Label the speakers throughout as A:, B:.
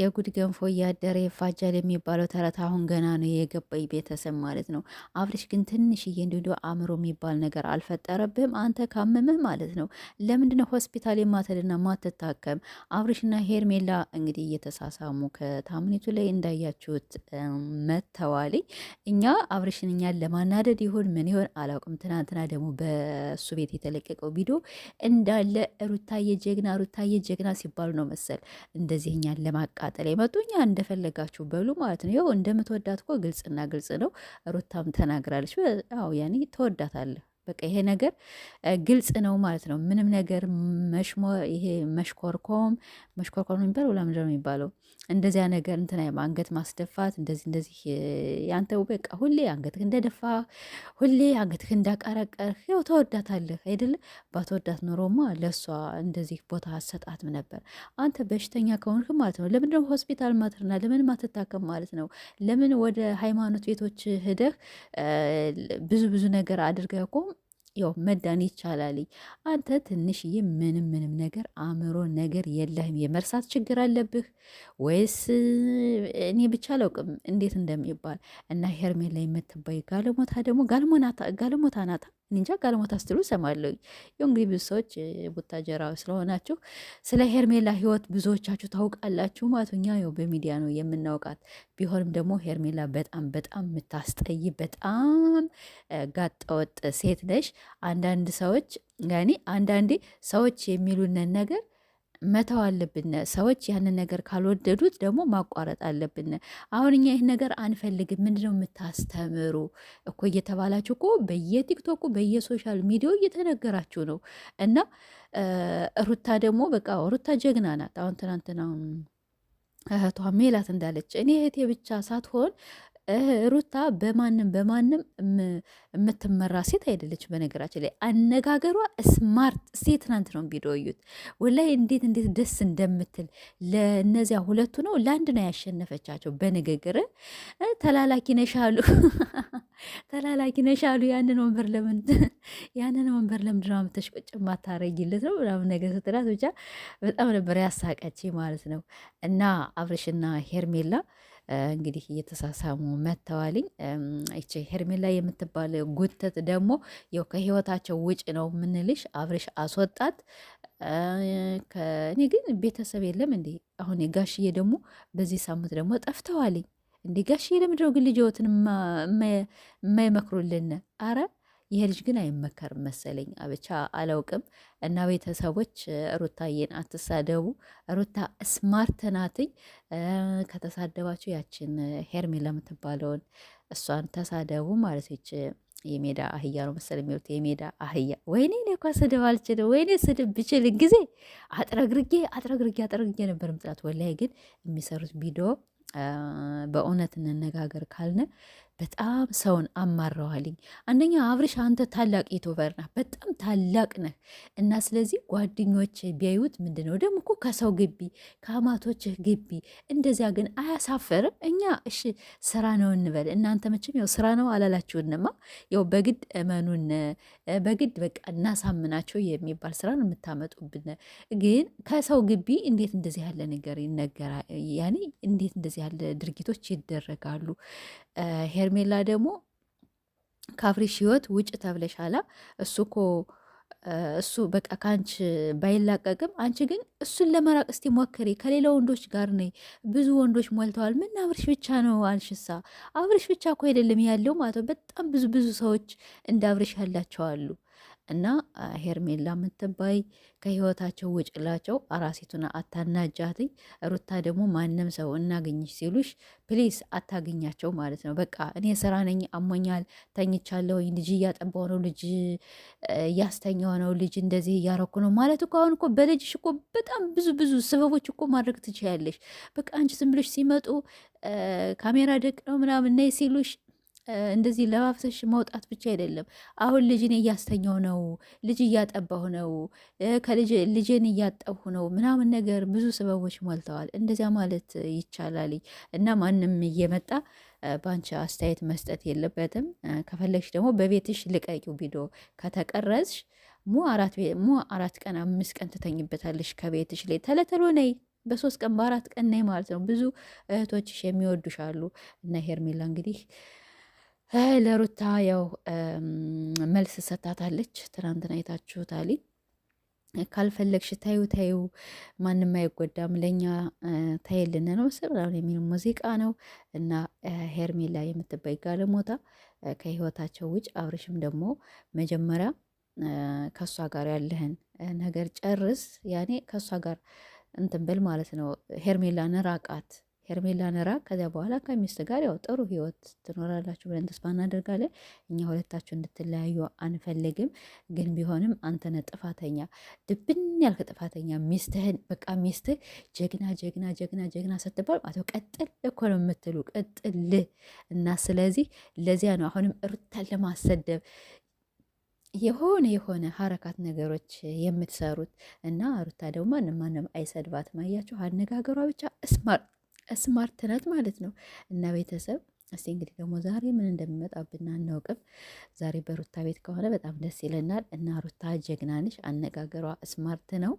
A: የጉድ ገንፎ እያደረ የፋጃል የሚባለው ተረት አሁን ገና ነው የገባኝ ቤተሰብ ማለት ነው። አብርሽ ግን ትንሽዬ እንዲዶ አእምሮ የሚባል ነገር አልፈጠረብህም? አንተ ካመመህ ማለት ነው ለምንድነው ሆስፒታል የማትሄድና ማትታከም? አብርሽና ሄርሜላ እንግዲህ እየተሳሳሙ ከታምኒቱ ላይ እንዳያችሁት መተዋል። እኛ አብርሽን እኛን ለማናደድ ይሆን ምን ይሆን አላውቅም። ትናንትና ደግሞ በእሱ ቤት የተለቀቀው ቪዲዮ እንዳለ ሩታዬ ጀግና ሩታዬ ጀግና ሲባሉ ነው መሰል እንደዚህ እኛን ለማቃ ለመቃጠል የመጡ እኛ እንደፈለጋችሁ በሉ ማለት ነው። ይኸው እንደምትወዳት እኮ ግልጽና ግልጽ ነው። ሩታም ተናግራለች። ያኔ ተወዳታለህ በቃ ይሄ ነገር ግልጽ ነው ማለት ነው። ምንም ነገር መሽሞ ይሄ መሽኮርኮም መሽኮርኮም ነው የሚባለው ለምንድን ነው የሚባለው? እንደዚያ ነገር እንትና አንገት ማስደፋት እንደዚህ እንደዚህ ያንተ በቃ ሁሌ አንገትህ እንደደፋ ሁሌ አንገትህ እንዳቀረቀርህ ያው ተወዳታለህ አይደለ? ባትወዳት ኖሮማ ለእሷ እንደዚህ ቦታ አሰጣትም ነበር። አንተ በሽተኛ ከሆንክ ማለት ነው ለምንድን ነው ሆስፒታል ማትርና ለምን ማትታከም ማለት ነው? ለምን ወደ ሃይማኖት ቤቶች ሂደህ ብዙ ብዙ ነገር አድርገህ እኮ ያው መዳን ይቻላልኝ። አንተ ትንሽዬ ምንም ምንም ነገር አእምሮ ነገር የለህም። የመርሳት ችግር አለብህ ወይስ እኔ ብቻ አላውቅም እንዴት እንደሚባል እና ሄርሜላ የምትባይ ጋለሞታ ደግሞ ጋለሞታ ናታ እንጃ ጋለሞታ ስትሉ እሰማለሁ። ይኸው እንግዲህ ብዙ ሰዎች ቡታጀራ ስለሆናችሁ ስለ ሄርሜላ ህይወት ብዙዎቻችሁ ታውቃላችሁ ማለት እኛ ይኸው በሚዲያ ነው የምናውቃት። ቢሆንም ደግሞ ሄርሜላ በጣም በጣም የምታስጠይ በጣም ጋጠወጥ ሴት ነሽ። አንዳንድ ሰዎች ያኔ አንዳንዴ ሰዎች የሚሉንን ነገር መተው አለብን። ሰዎች ያንን ነገር ካልወደዱት ደግሞ ማቋረጥ አለብን። አሁን እኛ ይህ ነገር አንፈልግም፣ ምንድነው የምታስተምሩ እኮ እየተባላችሁ እኮ በየቲክቶኩ በየሶሻል ሚዲያው እየተነገራችሁ ነው። እና ሩታ ደግሞ በቃ ሩታ ጀግና ናት። አሁን ትናንትና እህቷ ሜላት እንዳለች እኔ እህቴ ብቻ ሳትሆን ሩታ በማንም በማንም የምትመራ ሴት አይደለች። በነገራችን ላይ አነጋገሯ ስማርት ሴት ናንት ነው ቢደወዩት ወላይ እንዴት እንዴት ደስ እንደምትል ለእነዚያ ሁለቱ ነው ለአንድ ነው ያሸነፈቻቸው። በንግግር ተላላኪ ነሻሉ ተላላኪ ነሻሉ ያንን ወንበር ለምን ያንን ወንበር ለምንድን ነው አምጥተሽ ቁጭ ማታረጊለት ነው ምናምን ነገር ስትላት ብቻ በጣም ነበር ያሳቀች ማለት ነው እና አብርሽና ሄርሜላ እንግዲህ እየተሳሳሙ መጥተዋልኝ። ይቺ ሄርሜላ የምትባል ጉተት ደግሞ ያው ከህይወታቸው ውጭ ነው ምንልሽ። አብርሽ አስወጣት። እኔ ግን ቤተሰብ የለም እንዴ? አሁን ጋሽዬ ደግሞ በዚህ ሳምንት ደግሞ ጠፍተዋልኝ። እንዴ ጋሽዬ ለምድረው ግን ልጅዎትን የማይመክሩልን? አረ ይሄ ልጅ ግን አይመከርም መሰለኝ ብቻ አላውቅም። እና ቤተሰቦች ሩታዬን አትሳደቡ። ሩታ ስማርት ናትኝ። ከተሳደባችሁ ያችን ሄርሜላ ለምትባለውን እሷን ተሳደቡ ማለት ይች የሜዳ አህያ ነው መሰለኝ የሚሉት የሜዳ አህያ። ወይኔ እኔ እኮ ስድብ አልችልም። ወይኔ ስድብ ብችል ጊዜ አጥረግርጌ አጥረግርጌ አጥረግርጌ ነበር ምጥላት። ወላይ ግን የሚሰሩት ቪዲዮ በእውነት እንነጋገር ካልነ በጣም ሰውን አማረዋልኝ። አንደኛ አብርሽ አንተ ታላቅ ዩቱበር ነህ፣ በጣም ታላቅ ነህ እና ስለዚህ ጓደኞች ቢያዩት ምንድን ነው ደግሞ እኮ ከሰው ግቢ ከአማቶችህ ግቢ እንደዚያ ግን አያሳፈርም? እኛ እሺ ስራ ነው እንበል። እናንተ መቼም ያው ስራ ነው አላላችሁንማ። ያው በግድ እመኑን፣ በግድ በቃ እናሳምናቸው የሚባል ስራ ነው የምታመጡብን። ግን ከሰው ግቢ እንዴት እንደዚህ ያለ ነገር ይነገራል? ያኔ እንዴት እንደዚህ ያለ ድርጊቶች ይደረጋሉ? ሄርሜላ ደግሞ ከአፍሪሽ ህይወት ውጭ ተብለሻላ። እሱ እኮ እሱ በቃ ከአንቺ ባይላቀቅም አንቺ ግን እሱን ለመራቅ እስቲ ሞክሪ። ከሌላ ወንዶች ጋር ነይ። ብዙ ወንዶች ሞልተዋል። ምን አብርሽ ብቻ ነው አልሽሳ? አብርሽ ብቻ እኮ አይደለም ያለው ማለት በጣም ብዙ ብዙ ሰዎች እንደ አብርሽ ያላቸዋሉ። እና ሄርሜላ ምትባይ ከህይወታቸው ውጭላቸው አራሴቱን አታናጃት። ሩታ ደግሞ ማንም ሰው እናገኝሽ ሲሉሽ ፕሊስ አታገኛቸው ማለት ነው። በቃ እኔ ስራ ነኝ፣ አሞኛል፣ ተኝቻለሁ፣ ልጅ እያጠባው ነው፣ ልጅ እያስተኛው ነው፣ ልጅ እንደዚህ እያረኩ ነው ማለት እኮ አሁን እኮ በልጅሽ እኮ በጣም ብዙ ብዙ ስበቦች እኮ ማድረግ ትችያለሽ። በቃ አንቺ ዝም ብለሽ ሲመጡ ካሜራ ደቅ ነው ምናምን ነይ ሲሉሽ እንደዚህ ለባብሰሽ መውጣት ብቻ አይደለም። አሁን ልጅን እያስተኛው ነው፣ ልጅ እያጠባሁ ነው፣ ልጅን እያጠብሁ ነው ምናምን ነገር ብዙ ሰበቦች ሞልተዋል። እንደዚያ ማለት ይቻላል እና ማንም እየመጣ በአንቺ አስተያየት መስጠት የለበትም። ከፈለግሽ ደግሞ በቤትሽ ልቀቂው ቪዲዮ ከተቀረጽሽ ሙ አራት ቀን አምስት ቀን ትተኝበታለሽ ከቤትሽ ላይ ተለተሎ ነይ በሶስት ቀን በአራት ቀን ነይ ማለት ነው። ብዙ እህቶችሽ የሚወዱሻሉ እና ሄርሜላ እንግዲህ ለሩታ ያው መልስ ሰታታለች። ትናንትና አይታችሁታል። ካልፈለግሽ ታዩ ታዩ ማንም አይጎዳም፣ ለእኛ ታይልን ነው ስብራን የሚል ሙዚቃ ነው እና ሄርሜላ የምትባይ ጋለሞታ ከህይወታቸው ውጭ አብርሽም ደግሞ መጀመሪያ ከእሷ ጋር ያለህን ነገር ጨርስ፣ ያኔ ከእሷ ጋር እንትን በል ማለት ነው። ሄርሜላን ራቃት ሄርሜላን ራቅ። ከዚያ በኋላ ከሚስት ጋር ያው ጥሩ ህይወት ትኖራላችሁ ብለን ተስፋ እናደርጋለን። እኛ ሁለታችሁ እንድትለያዩ አንፈልግም። ግን ቢሆንም አንተነ ጥፋተኛ ድብን ያልክ ጥፋተኛ ሚስትህን በቃ ሚስትህ ጀግና ጀግና ጀግና ጀግና ስትባል አቶ ቀጥል እኮ ነው የምትሉ ቀጥል እና ስለዚህ ለዚያ ነው አሁንም እሩታን ለማሰደብ የሆነ የሆነ ሀረካት ነገሮች የምትሰሩት እና ሩታ ደግሞ ማንም ማንም አይሰድባት አያችሁ አነጋገሯ ብቻ እስማርት ስማርት ናት ማለት ነው። እና ቤተሰብ እስቲ እንግዲህ ደግሞ ዛሬ ምን እንደሚመጣብን አናውቅም። ዛሬ በሩታ ቤት ከሆነ በጣም ደስ ይለናል። እና ሩታ ጀግና ነሽ፣ አነጋገሯ ስማርት ነው።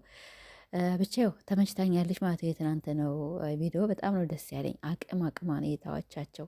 A: ብቻ ተመችታኛለች ማለት የትናንት ነው ቪዲዮ በጣም ነው ደስ ያለኝ። አቅም አቅማ ነው የታዋቻቸው